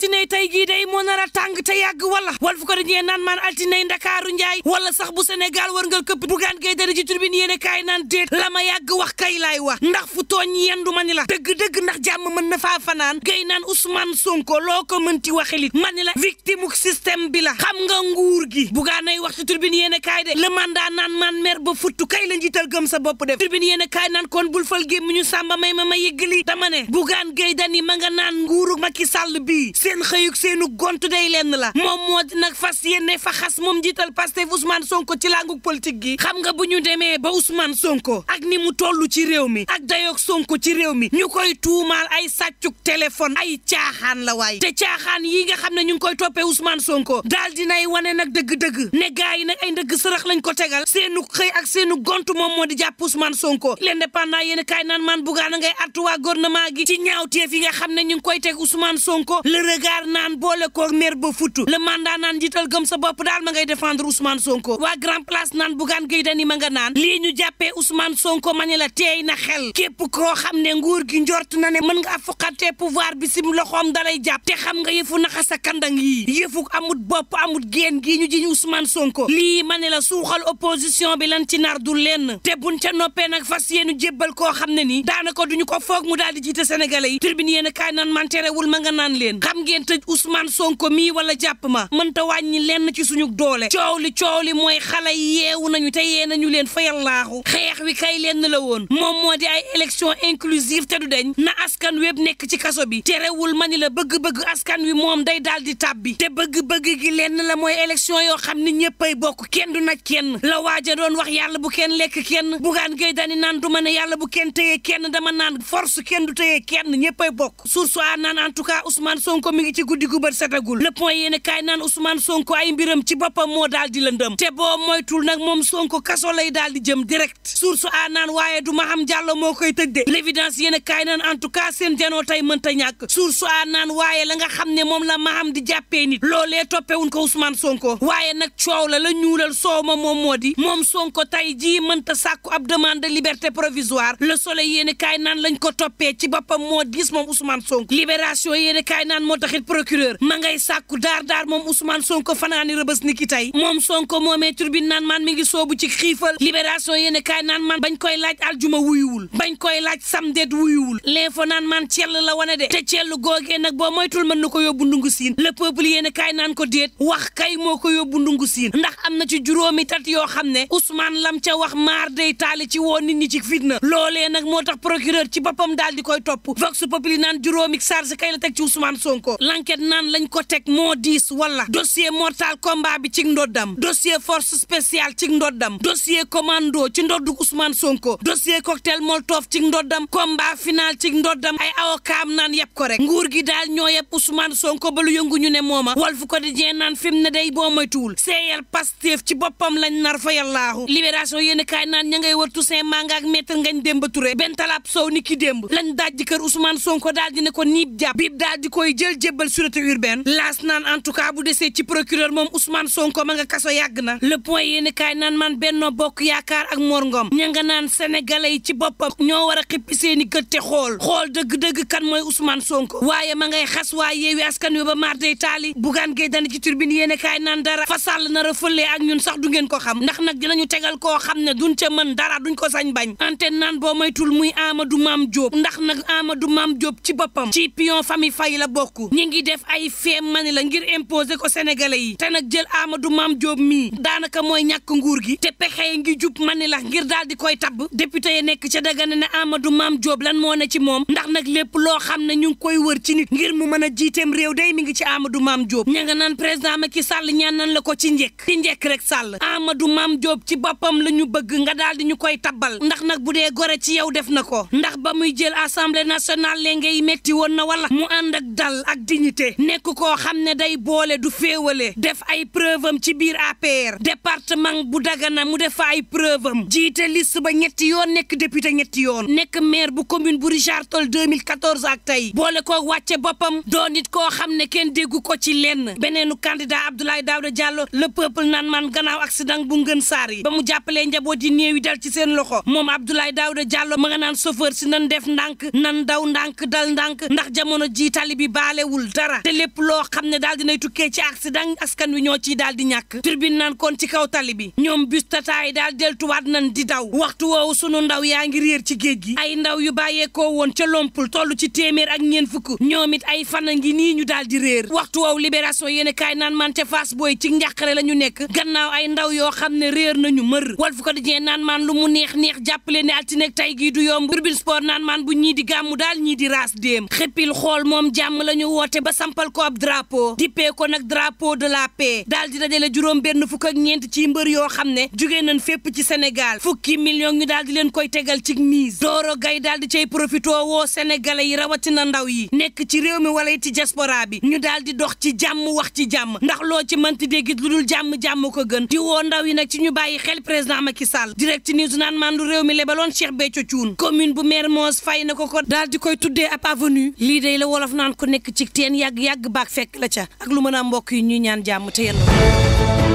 altinay tey gii day moo nar a tàng te yàgg wala wal fu ko dañee naan maan altinay ndakaaru njaay wala sax bu senegal war ngal këpp bugaan gay dara ji turbine yéen kaay naan déet la ma yàgg wax kay laay wax ndax fu tooñ yendu ma ni la dëgg-dëgg ndax jàmm mën na faa fanaan gay naan ousmane sonko loo ko mënti waxilit ma ni la victime uk système bi la xam nga nguur gi bugaan nay wax ci turbine yéen kaay de le mandat naan maan mer ba futtu kay la njiital gëm sa bopp def turbine yéen kaay naan kon bul fal gémmiñu sàmba may ma ma yëggali dama ne bugaan gay dani ma nga naan nguuru Macky Sall bii seen xëyug seenu gont day lenn la moom moo di nag fas yéene fa xas moom jiital Pastef Ousmane Sonko ci làngug politique gi xam nga bu ñu demee ba Ousmane Sonko ak ni mu toll ci réew mi ak dayoog Sonko ci réew mi ñu koy tuumaal ay sàccuk téléphone ay caaxaan la waay te caaxaan yi nga xam ne ñu ngi koy toppee Ousmane Sonko daal dinay wane nag dëgg-dëgg ne gaa yi nag ay ndëgg sërëx lañ ko tegal seenu xëy ak seenu gont moom moo di jàpp Ousmane Sonko l'indépendant yéen kaay naan maan bugaan ngay artu waa gi ci ñaawteef yi nga xam ne ñu ngi koy teg Ousmane Sonko lërëg regard naan boole koog mer ba futu le mandat naan jiital gëm sa bopp daal ma ngay défendre Ousmane Sonko waa grand place naan Bougane Gueye Dany ma nga naan lii ñu jàppee Ousmane Sonko ma ne la teey na xel képp koo xam ne nguur gi njort na ne mën nga fuqatee pouvoir bi sim loxoom dalay jàpp te xam nga yëfu naxa sa kandang yii yëfu amut bopp amut génn gii ñu jiñ Ousmane Sonko lii ma ne la suuxal opposition bi lan ci nar du lenn te buñ ca noppee nag fas yéenu jébbal koo xam ne nii daanaka duñu ko foog mu daal di jiite sénégalais yi tribune yéen a kaay naan nga naan leen xam ngeen tëj Ousmane Sonko mii wala jàpp ma mënta wàññi lenn ci suñu doole coow li coow li mooy xale yeewu nañu te yee nañu leen fayal laaxu xeex wi kay lenn la woon moom moo di ay élection inclusive te du deñ na askan wépp nekk ci kaso bi wul ma mani la bëgg-bëgg askan wi moom day daal di tàbbi te bëgg-bëgg gi lenn la mooy élection yoo xam ni ñëppay bokk kenn du nag kenn la waaja doon wax yàlla bu kenn lekk kenn bugaan ngay dani naan du ma ne yàlla bu kenn téye kenn dama naan force kenn du kenn ñëppay bokk mi ngi ci guddi gu bët setagul le point yéen kaay naan Ousmane Sonko ay mbiram ci boppam moo daal di lëndëm te boo moytul nag moom Sonko kaso lay daal di jëm direct source a naan waaye du ma xam moo koy tëj de l'évidence yéen kaay naan en tout cas seen janoo tey mënta ñàkk source a naan waaye la nga xam ne moom la ma xam di jàppee nit loolee toppewun ko Ousmane Sonko waaye nag coow la la ñuulal soow ma moom moo di moom Sonko tey jii mënta sàkku ab demande de liberté provisoire le soleil kaay naan lañ ko toppee ci boppam moo diis moom Ousmane ndax it ma ngay sàkku daar daar moom Ousmane Sonko fanaani rëbës ni ki tey moom Sonko moomee turbine naan maan mi ngi soobu ci xiifal libération yéene kaay naan maan bañ koy laaj aljuma wuyuwul bañ koy laaj samdeet wuyuwul l'info naan maan cell la wane de te cell googee nag boo moytul mën na ko yóbbu ndungu siin le peuple yéene kaay naan ko déet wax kay moo ko yóbbu ndungu siin ndax am na ci juróomi tat yoo xam ne Ousmane lam ca wax maar day taali ci woo nit ñi ci fitna loolee nag moo tax procureur ci boppam daal di koy topp vox populi naan juróomi charge kay la teg ci Ousmane Sonko ko l'enquête naan lañ ko teg moo diis wala dossier mortal combat bi ci ndoddam dossier force spéciale ci dam dossier commando ci ndoddu Ousmane Sonko dossier cocktail molotov ci ndoddam combat final ci ndoddam ay awokaam naan yëpp ko rek nguur gi daal ñoo yëpp Ousmane Sonko ba lu yëngu ñu ne mooma Walf Quotidien naan fi mu ne day boo moytuwul seeyal Pastef ci boppam lañ nar fa yàllaahu libération yéen kaay naan ña ngay war Toussaint Manga ak maître Ngagne Demba Touré benn talaab sow ki démb lañ daaj kër Ousmane jébbal sûreté urbaine laas naan en tout cas bu desee ci procureur moom Ousmane Sonko ma nga kaso yàgg na le point kaay naan man Benno Bokk Yaakaar ak Mor Ngom ña nga naan sénégalais yi ci boppam ñoo war a xippi seeni gët te xool xool dëgg-dëgg kan mooy Ousmane Sonko waaye ma ngay xas waa yeewi askan wi ba marday taali bugaan gee dana ci turbine yéeni kaay naan dara fa sàll nar a fëlee ak ñun sax du ngeen ko xam ndax nag dinañu tegal koo xam ne dun ca mën dara duñ ko sañ bañ antenne naan boo moytul muy Amadou Mame Diop ndax nag Amadou Mame Diop ci boppam ci pion famille fay la bokk ñu ngi def ay feem mani la ngir imposer ko sénégalais yi te nag jël amadu maam Diop mii daanaka mooy ñàkk nguur gi te pexe yi ngi jub mani la ngir daal di koy tab député yi nekk ca dagane ne Amadou maam jóob lan moo ne ci moom ndax nag lépp loo xam ne ñu ngi koy wër ci nit ngir mu mën a jiiteem réew day mi ngi ci amadu Mame Diop ña nga naan président ki Sall ñaan nan la ko ci njekk ci njekk rek Sall Amadou maam Diop ci boppam la ñu bëgg nga daal di ñu koy tabbal ndax nag bu dee gore ci yow def na ko ndax ba muy jël assemblée nationale lenge yi metti woon na wala mu ànd ak dal ak ak dignité nekk koo xam ne day boole du féewale def ay preuve am ci biir APR département bu Dagana mu def ay preuve am jiite list ba ñetti yoon nekk député ñetti yoon nekk maire bu commune bu Richard Toll 2014 ak tey boole koo wàcce boppam doon nit koo xam ne kenn déggu ko ci lenn beneenu candidat Abdoulaye Daouda Diallo le peuple naan man gannaaw accident bu ngën saar yi ba mu jàppalee njaboot yi néewi yi dal ci seen loxo moom Abdoulaye Daouda Diallo ma nga naan chauffeur si nan def ndànk nan daw ndànk dal ndànk ndax jamono ji bi baale teewul dara te lépp loo xam ne daal dinay tukkee ci accident askan wi ñoo ciy daal di ñàkk turbine naan koon ci kaw tali bi ñoom bus tata yi daal deltuwaat nan di daw waxtu woowu sunu ndaw yaa ngi réer ci géej gi ay ndaw yu bàyyeekoo woon ca lompul toll ci téeméer ak ñeen fukk ñoom it ay fan a ngi nii ñu daal di réer waxtu woowu libération yéen kaay naan man te fas booy ci njàqare la ñu nekk gannaaw ay ndaw yoo xam ne réer nañu mër Walf Quotidien naan maan lu mu neex neex jàppale ne altine tey gii du yomb turbine sport naan ma bu ñii di gàmmu daal ñii di raas déem xëppil xool moom jàmm woote ba sampal ko ab drapeau dippee ko nag drapeau de la paix daal di dajale juróom benn fukk ak ñeent ci mbër yoo xam ne jugee nañ fépp ci senegal fukki million ñu daal di leen koy tegal ci mise Doro gay daal di cay profito woo yi rawatina ndaw yi nekk ci réew mi wala ci diaspora bi ñu daal di dox ci jàmm wax ci jàmm ndax loo ci manti dégg lu dul jàmm-jàmm ko gën di woo ndaw yi nag ci ñu bàyyi xel président Macky Sall direct news naan man lu réew mi lebaloon Cheikh Béthio Thioune commune bu Mermoz fay na ko ko daal di koy tuddee ab lii la wolof naan ko nekk ci teen yàgg yàgg baak fekk la ca ak lu mën a mbokk yi ñuy ñaan jàmm